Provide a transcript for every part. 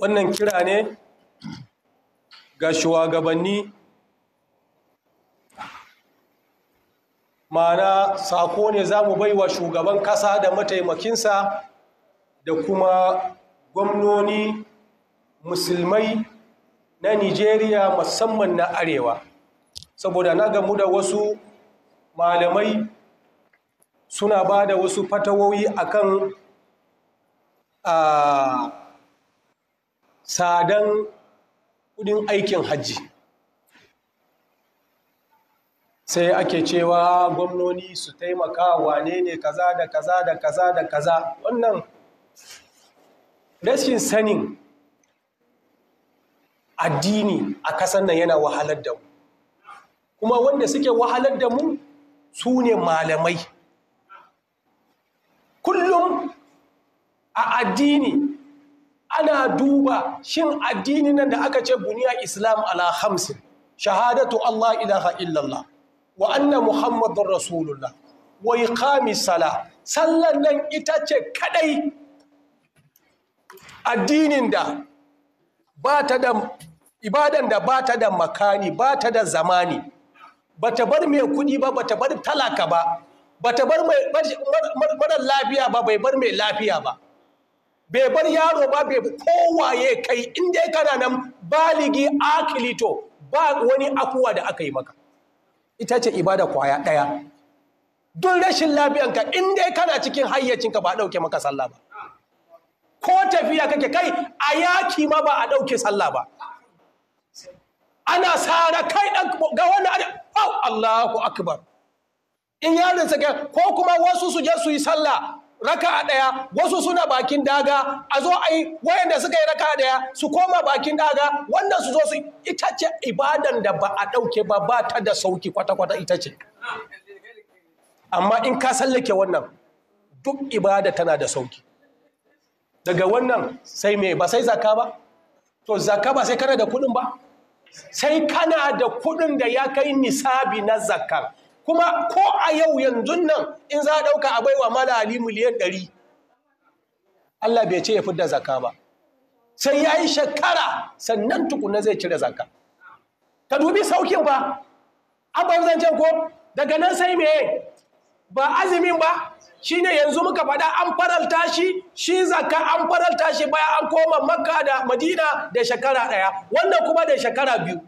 wannan kira ne ga shugabanni mana sako ne za mu baiwa shugaban ƙasa da mataimakinsa da kuma gwamnoni musulmai na nigeria musamman na arewa saboda na gamu da wasu malamai suna ba da wasu fatawoyi akan A sadan kudin aikin hajji sai ake cewa gwamnoni su taimaka wane ne kaza da kaza da kaza da kaza wannan rashin sanin addini a kasan nan yana wahalar da mu kuma wanda suke wahalar da mu su ne malamai kullum a addini ana duba shin addini nan da aka ce buniya islam ala hamsin shahadatu Allah ilaha illallah wa anna muhammadun rasulullah wa iqami sala sallan nan ita ce kadai addinin da ba ta da ibadan da ba ta da makani ba ta da zamani ba ta bar mai kudi ba ba ta bar talaka ba ba ta bar mara lafiya ba bai bar mai lafiya ba bai bar yaro ba bai kowaye kai inda ya kana nan baligi akilito ba wani akuwa da aka yi maka ita ce ibada kwaya ɗaya duk rashin lafiyanka inda kana cikin hayyacinka ba a ɗauke maka sallah ba ko tafiya kake kai a yaki ma ba a ɗauke sallah ba ana sara kai ɗan ga wani ada au Allahu akbar in yaron sa ko kuma wasu su je su yi sallah raka ɗaya, wasu suna bakin daga a zo ayi wayanda suka yi raka ɗaya, su koma bakin daga wannan su zo su ita ce ibadan da ba a ɗauke ba ba ta da sauki kwata kwata ita ce amma in ka sallake wannan duk ibada tana da sauki daga wannan sai me ba sai zaka ba to zaka ba sai kana da kuɗin ba sai kana da kuɗin da ya kai nisabi na zakkan kuma ko a yau yanzu nan in za a ɗauka a baiwa mala ali miliyan ɗari Allah bai ce ya fi da zaka ba sai ya yi shekara sannan tukuna zai cire zaka ka dubi saukin ba abin ko daga nan sai me ba azumin ba shine yanzu muka faɗa an faralta shi shi zaka an faralta shi baya an koma makka da madina da shekara ɗaya wannan kuma da shekara biyu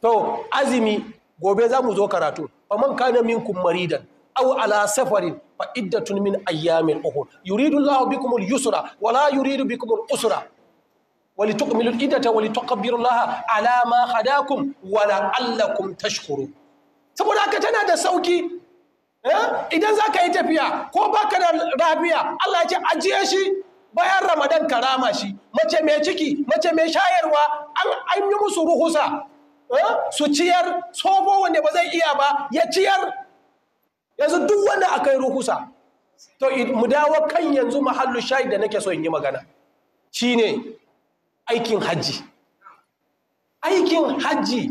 to azumi gobe za mu zo karatu fa man kana minkum maridan aw ala safarin fa iddatun min ayyamin ukhra yuridu Allahu bikum al-yusra wa la yuridu bikum al-usra wa litukmilu al-iddata wa litukabbiru Allah ala ma hadakum wa la'allakum tashkurun saboda haka tana da sauki eh? idan za ka yi tafiya ko baka da rabiya Allah ya ce ajiye shi bayan ramadan karama shi mace mai ciki mace mai shayarwa an yi musu ruhusa Eh? su ciyar tsoho wanda ba zai iya ba ya ciyar yanzu duk wanda aka yi ruhusa to mu dawo kan yanzu mahallu shayi da nake so in yi magana shine aikin hajji aikin hajji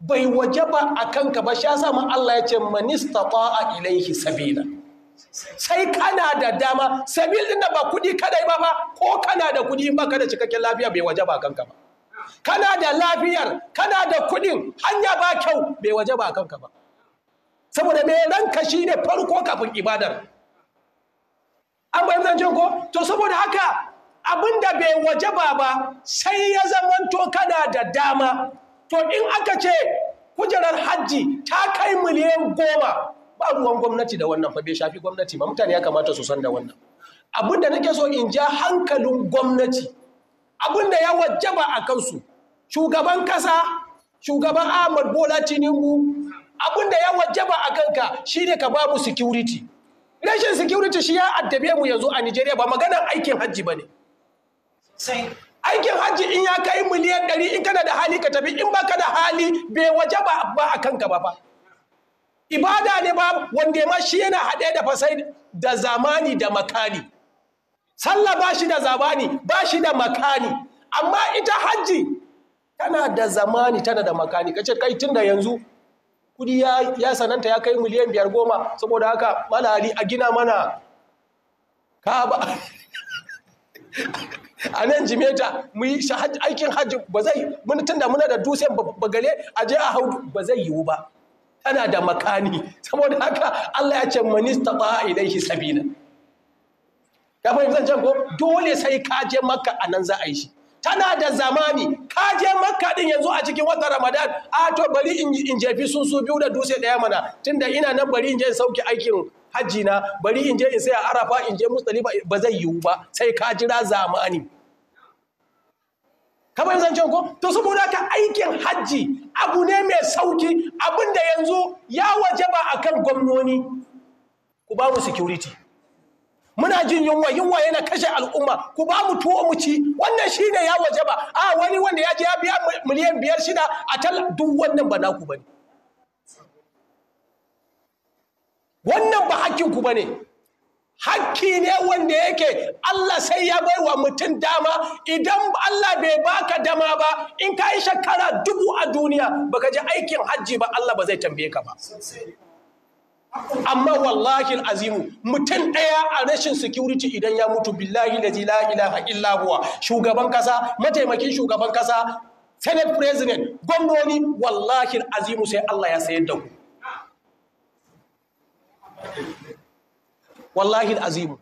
bai waje ba a kanka ba sha samun Allah ya ce manista a ilaihi sabila sai kana da dama sabil da ba kudi kadai ba ba ko kana da kudi ba ka da cikakken lafiya bai waje ba a kanka ba kana da lafiyar kana da kuɗin hanya ba kyau bai waje ba kanka ba saboda mai ranka shi ne farko kafin ibadar an bayan zancen ko to saboda haka abin da bai waje ba ba sai ya zamanto kana da dama to in aka ce kujerar hajji ta kai miliyan goma ba ruwan gwamnati da wannan fa bai shafi gwamnati ba mutane ya kamata su san da wannan abin da nake so in ja hankalin gwamnati abin da ya wajaba a kansu shugaban kasa shugaban ahmad bola tinubu abinda da ya wajaba a kanka shine ka babu security rashin security shi ya addabe mu yanzu a nigeria ba maganar aikin hajji ba ne aikin hajji in ya kai miliyan ɗari in kana da hali ka tafi in baka da hali bai waje ba ba a kanka ba ba ibada ne ba wanda ma shi yana haɗe da fasai da zamani da makani sallah ba shi da zamani ba shi da makani amma ita hajji tana da zamani tana da makani kace kai tun da yanzu kudi ya sananta ya kai miliyan biyar goma saboda haka malali a gina mana kaba a nan jimeta mu yi aikin hajji ba zai mun tunda muna da dusen bagale a je a haudu ba zai yiwu ba tana da makani saboda haka Allah ya ce minista ba ilaihi sabila ta fahimta can ko dole sai ka je maka a nan za a yi shi tana da zamani ka je makka din yanzu a cikin watan ramadan a to bari in jefi sun su biyu da dutse daya mana tunda ina nan bari in je in sauki aikin hajji na bari in je in sai a arafa in je mustalifa ba zai yiwu ba sai ka jira zamani kamar yanzu zancen ko to saboda ka aikin hajji abu ne mai sauki abinda yanzu ya waje ba akan gwamnoni ku ba mu security muna jin yunwa yunwa yana kashe al'umma ku ba mu tuwo mu ci wannan shine ya waje ba a wani wanda ya je ya biya miliyan biyar shida a tal duk wannan ba naku bane wannan ba hakkin ku bane hakki ne wanda yake Allah sai ya bai wa mutum dama idan Allah bai baka dama ba in ka yi shekara dubu a duniya baka je aikin hajji ba Allah ba zai tambaye ka ba amma wallahi azimu mutum ɗaya a rashin security idan ya mutu billahi da la ilaha illa huwa shugaban kasa mataimakin shugaban kasa senate president gwamnoni wallahi azimu sai Allah ya sayar da ku wallahi azimu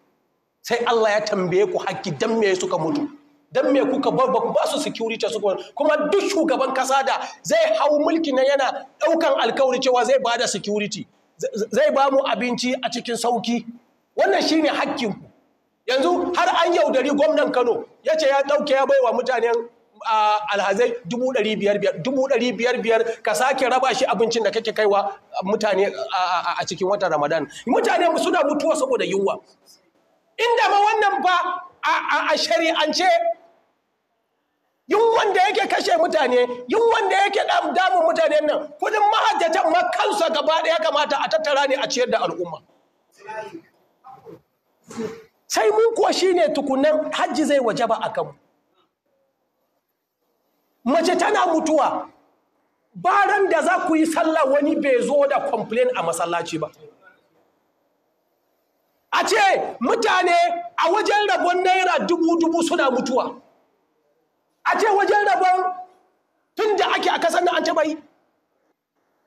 sai Allah ya tambaye ku haƙƙi dan me suka mutu dan me kuka ba ku ba su security su kuma duk shugaban kasa da zai hau mulki na yana ɗaukan alkawari cewa zai bada security zai ba mu abinci a cikin sauki wannan shi ne hakkinku yanzu har an yaudari gwamnan Kano ya ce ya ɗauke ya baiwa mutanen alhazai dubu biyar biyar ka sake raba shi abincin da kake kaiwa mutane a cikin watan Ramadan mutane suna mutuwa saboda yunwa inda ma wannan ba a shari'ance Yin wanda yake kashe mutane yin wanda yake damun mutanen nan kudin mahajjatan ma gaba gaba ɗaya kamata a tattara ne a ciyar da al'umma sai mun kuwa ne tukunan hajji zai waje ba a kanmu mace tana mutuwa baran da za ku yi sallah wani bai zo da complain a masallaci ba a ce mutane a wajen rabon naira dubu-dubu suna mutuwa a ce wajen rabon tun da ake a kasar nan an taɓa yi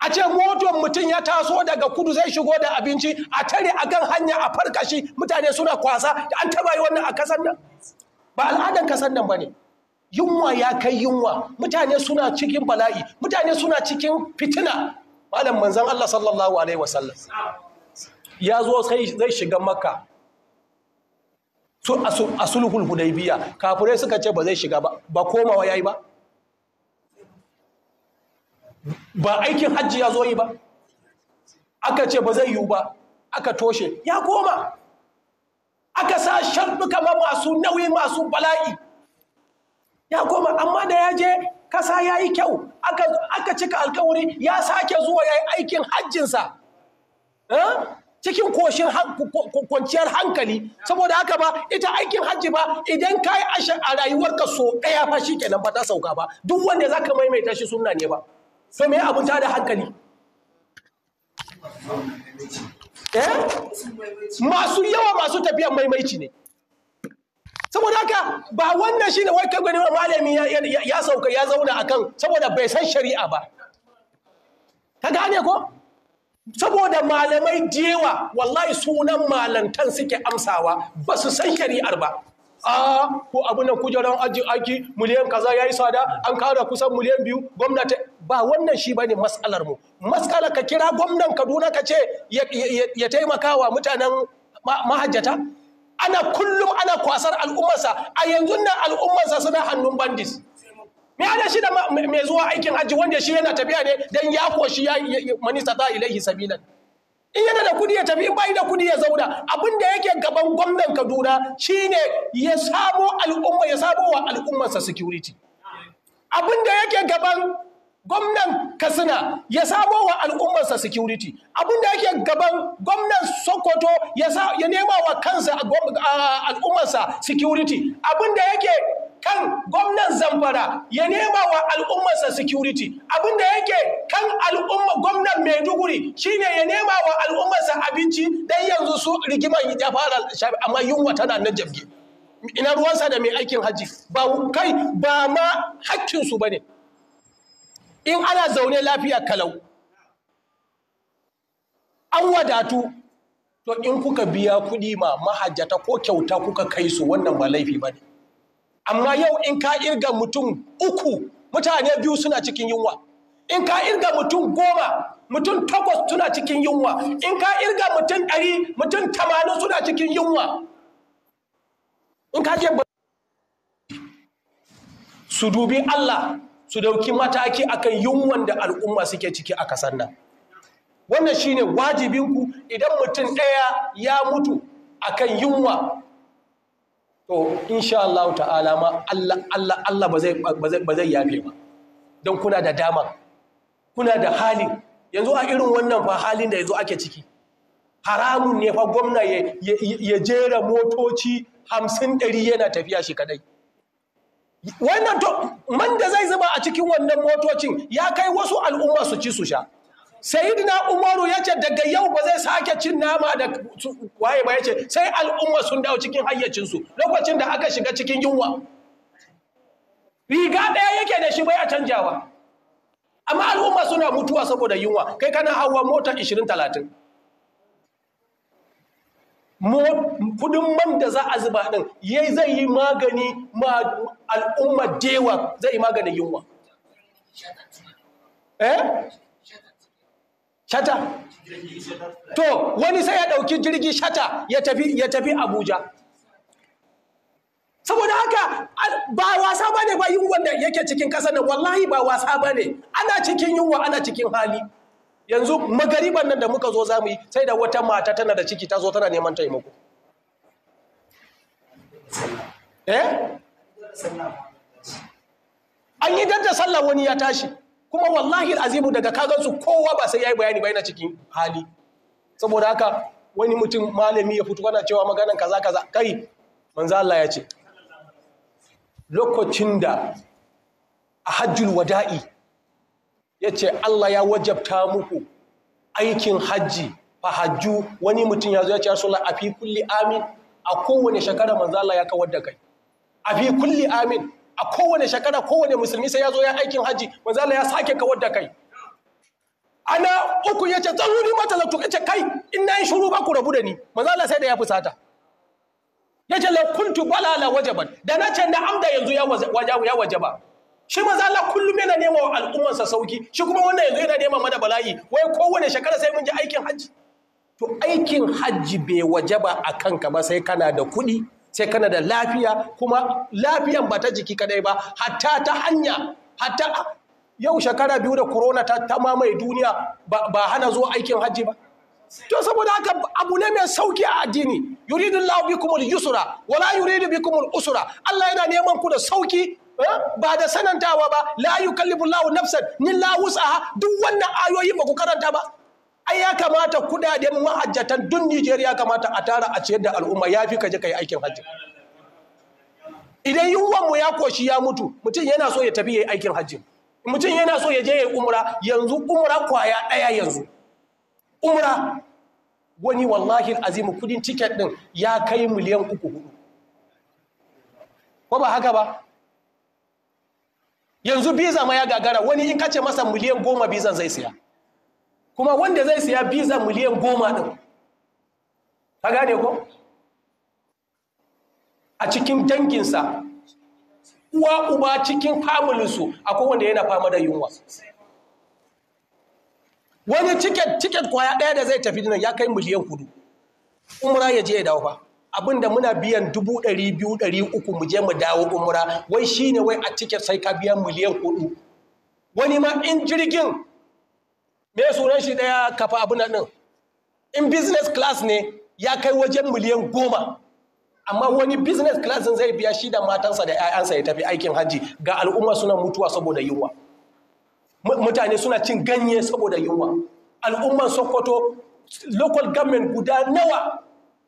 a ce motar mutum ya taso daga kudu zai shigo da abinci a tare a kan hanya a farkashi shi mutane suna kwasa da an taɓa yi wannan a kasar nan ba al'adan kasar nan ba ne yunwa ya kai yunwa mutane suna cikin bala'i mutane suna cikin fitina malam manzon Allah sallallahu alaihi wasallam ya zo sai zai shiga makka a sulhul hudaybiya kafirai suka ce ba zai shiga ba ba komawa yayi ba ba aikin hajji ya zo yi ba aka ce ba zai yiwu ba aka toshe ya koma aka sa sharɗuka ma masu nauyi masu bala'i ya koma amma da ya je kasa ya yi kyau aka cika alkawari ya sake zuwa ya yi aikin hajjinsa eh? cikin koshin kwanciyar hankali saboda haka ba ita aikin hajji ba idan ka yi a rayuwarka so ɗaya fa shi kenan ba ta sauka ba duk wanda za ka maimaita shi suna ne ba me abu ta da hankali eh? masu yawa masu tafiyan maimaici ne saboda haka ba wannan shi ne wai kai gani malami ya sauka ya zauna akan saboda bai san shari'a ba ka gane ko saboda malamai jewa wallahi sunan malantan suke amsawa ba su san shari'ar ba a ko abin nan kujeran aji aiki miliyan kaza yayi sada an kara kusan miliyan biyu gwamnati ba wannan shi bane mas'alar mu mas'alar ka kira gwamnan Kaduna ka ce ya taimaka wa mutanen mahajjata ana kullum ana kwasar al'ummarsa a yanzu nan al'ummarsa suna hannun bandis me ana shi da mai zuwa aikin aji wanda shi yana tafiya ne dan ya koshi ya manisa yi ilaihi sabilan in yana da kudi ya tafi bai da kudi ya zauna abin da yake gaban gwamnan Kaduna shine ya samo al'umma ya samo wa al'ummarsa security abin da yake gaban gwamnan Katsina ya samo wa al'ummarsa security abin da yake gaban gwamnan Sokoto ya nema wa kansa al'ummansa security abin da yake kan gwamnan zamfara ya nema wa al'ummarsa security abin da yake kan al'umma gwamnan maiduguri shine ya nema wa al'ummarsa abinci dan yanzu su rigimar ya fara amma yunwa tana nan jabge ina ruwansa da mai aikin hajji ba kai ba ma hakkinsu ba ne in ana zaune lafiya kalau an wadatu to in kuka biya kuɗi ma mahajjata ko kyauta kuka kai su wannan ba laifi ba ne amma yau in ka irga mutum uku mutane biyu suna cikin yunwa in ka irga mutum goma mutum takwas suna cikin yunwa in ka irga mutum ɗari mutum tamanin suna cikin yunwa in ka je su dubi Allah su dauki mataki akan yunwan da al'umma suke ciki a kasar nan wannan shine wajibinku idan mutum ɗaya ya mutu akan yunwa to insha Allah ta'ala ma Allah Allah Allah ba zai yafe ba don kuna da dama kuna da hali yanzu a irin wannan fa halin da yanzu ake ciki haramun ne fa gwamna ya jera motoci hamsin ɗari yana tafiya shi kadai wannan to man da zai zuba a cikin wannan motocin ya kai wasu al'umma su ci su sha sayyidina umaru ya ce daga yau ba zai sake cin nama da waye ba ya ce sai al'umma sun dawo cikin hayyacinsu lokacin da aka shiga cikin yunwa riga ɗaya yake da shi bai a canjawa amma al'umma suna mutuwa saboda yunwa kai kana hawa mota 20-30 kudin man da za a zuba ɗin yai zai yi magani ma al'umma dewa zai yi maganin yunwa eh shata to wani sai ya ɗauki jirgi shata ya tafi abuja saboda haka ba wasa ba ne ba yin da yake cikin ƙasar da wallahi ba wasa ba ne ana cikin yunwa ana cikin hali yanzu magariban nan da muka zo za mu yi sai da wata mata tana da ciki ta zo tana neman taimako eh? an yi dadda sallah wani ya tashi kuma wallahi azimu daga kagansu kowa ba sai ya yi bayani ba cikin hali saboda haka wani mutum malami ya fito kana cewa maganan kaza kaza kai manzo Allah ya ce lokacin da a hajjul wada'i ya ce Allah ya wajabta muku aikin hajji fa hajju wani mutum ya zo ya ce Rasulullah a fi kulli amin a kowane shekara manzo Allah ya kawar da kai a fi kulli amin a kowane shekara kowane musulmi sai ya zo ya aikin hajji wanzala ya sake kawar da kai ana uku ya ce tsaruri matalautu ya ce kai in na yi shuru ba ku rabu da ni wanzala sai da ya fusata ya ce la kuntu balala wajaban da na ce na amda yanzu ya waje wajaba shi manzo kullum yana nema wa al'ummarsa sauki shi kuma wannan yanzu yana nema mana balayi. wai kowane shekara sai mun je aikin hajji to aikin hajji bai wajaba a kanka ba sai kana da kuɗi sai kana da lafiya kuma lafiyan ba ta jiki kadai ba hatta ta hanya hatta yau shekara biyu da corona ta, ta mamaye duniya ba, hana zuwa aikin hajji ba to saboda haka abu ne mai sauki a addini yuridu Allah bikum yusra wala yuridu bikum usra Allah yana neman ku da sauki eh, ba da sanantawa ba la yukallibu Allah nafsan illa wus'aha duk wannan ayoyi ba ku karanta ba ai ya kamata kudaden mahajjatan duk Nijeriya kamata a tara a ciyar da al'umma ya fi kaje kai aikin hajji idan yunwan mu ya koshi ya mutu mutum yana so ya tafi yayi aikin hajji mutum yana so ya je yayi umra yanzu umra kwaya daya yanzu umra wani wallahi azim kudin ticket din ya kai miliyan uku ko ba haka ba yanzu biza ma ya gagara wani in kace masa miliyan goma bizan zai siya kuma wanda zai siya biza miliyan goma ɗin ka gane ko a cikin danginsa uwa uba cikin kamulinsu akwai wanda yana fama da yunwa wani tiket tiket kwaya ɗaya da zai tafi nan ya kai miliyan hudu umra ya je ya dawo fa abinda muna biyan dubu ɗari biyu ɗari uku mu je mu dawo umra wai shine wai a tiket sai ka biyan miliyan huɗu. wani ma in jirgin me sunan shi daya kafa abin nan in business class ne ya kai wajen miliyan goma amma wani business class zai biya shi da matansa da 'ya'yansa ya tafi aikin hajji ga al'umma suna mutuwa saboda yunwa mutane suna cin ganye saboda yunwa al'umman sokoto local government guda nawa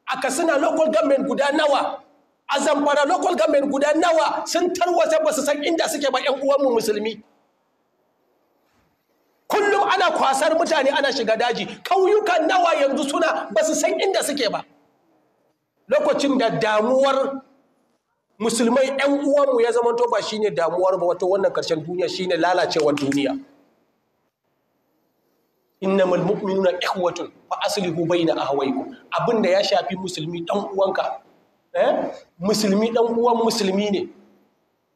aka suna local government guda nawa a zamfara local government guda nawa sun tarwasa ba su san inda suke ba 'yan uwanmu musulmi ana kwasar mutane ana shiga daji ƙauyukan nawa yanzu suna ba su san inda suke ba lokacin da damuwar musulmai ‘yan uwanmu ya zama ba shine damuwar ba wato wannan ƙarshen duniya shine lalacewar duniya innamal mu'minuna ikhwatun fa aslihu bayna ahwaykum abinda ya shafi musulmi dan uwanka eh musulmi dan uwan musulmi ne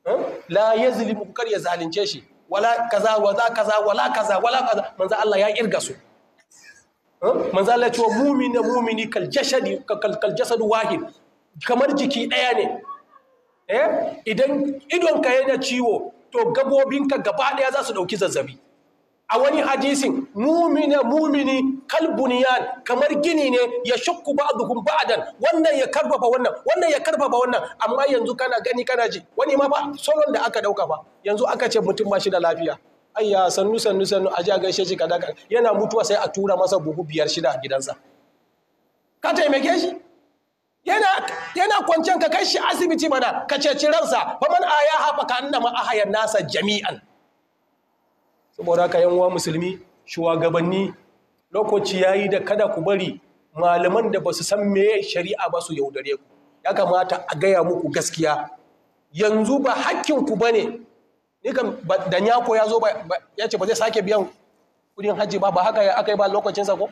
eh? la yazlimu kar ya zalunce shi wala kaza wala kaza wala kaza wala kaza manzo Allah ya kirga su manzo Allah ya ce mu'mina mu'mini kal jasadi kal jasad wahid kamar jiki daya ne eh idan idon ka yana ciwo to gabobinka gaba daya za su dauki zazzabi a wani hadisin mumina mumini kalbuniyan kamar gini ne ya shakku duhun ba'adan, wannan ya karfafa wannan wannan ya karfafa wannan amma yanzu kana gani kana ji wani ma ba sauran da aka dauka ba yanzu aka ce mutum ba shi da lafiya ayya sannu sannu sannu a ji gaishe shi kada yana mutuwa sai a tura masa buhu biyar shida a gidansa ka taimake shi yana yana kwancen ka kai shi asibiti mana ka ceci ransa faman aya hafa ka annama ahayan nasa jami'an saboda haka yan uwa musulmi shugabanni lokaci yayi da kada ku bari malaman da basu san meye shari'a ba su yaudare ku ya kamata a gaya muku gaskiya yanzu ba hakkin ku bane ni kam da nyako ya zo ya ce ba zai sake biyan kudin hajji ba ba haka aka yi ba lokacinsa ko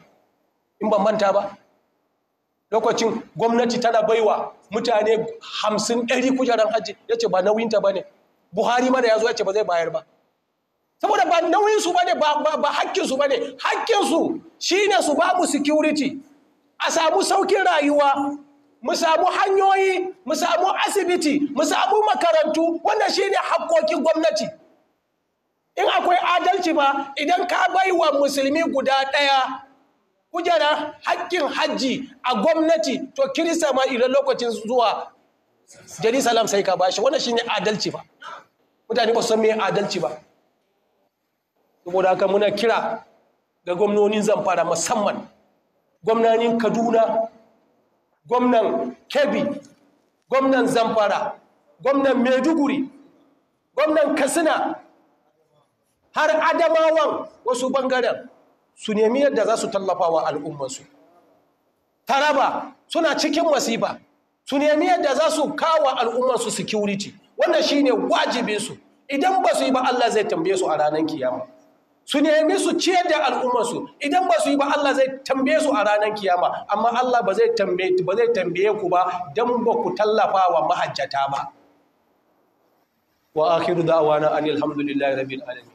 in ban manta ba lokacin gwamnati tana baiwa mutane hamsin ɗari kujerar hajji ya ce ba nauyinta ba ne buhari mana ya zo ya ce ba zai bayar ba saboda ba nauyin su bane ba ba hakkin su bane hakkin su shine su ba mu security a samu saukin rayuwa mu samu hanyoyi mu samu asibiti mu samu makarantu wanda shine hakkokin gwamnati in akwai adalci ba idan ka baiwa musulmi guda ɗaya kujera hakkin hajji a gwamnati to kirista ma idan lokacin zuwa jerusalem sai ka bashi wannan shine adalci ba mutane ba su san me adalci ba saboda haka muna kira ga gwamnonin zamfara musamman gwamnanin kaduna gwamnan kebbi gwamnan zamfara gwamnan maiduguri gwamnan katsina har adamawan wasu bangaren su nemi yadda za su tallafa wa al'ummansu taraba suna cikin masifa su nemi yadda za su kawo al'ummansu security wannan shine wajibinsu idan ba su yi ba Allah zai tambaye su a ranar kiyama su nemi su ciyar da al'ummarsu idan ba su yi ba Allah zai tambaye su a ranar kiyama amma Allah ba zai tambaye ku ba don ba ku tallafa wa mahajjata ba wa akhiru da'wana anil hamdulillahi rabbil alamin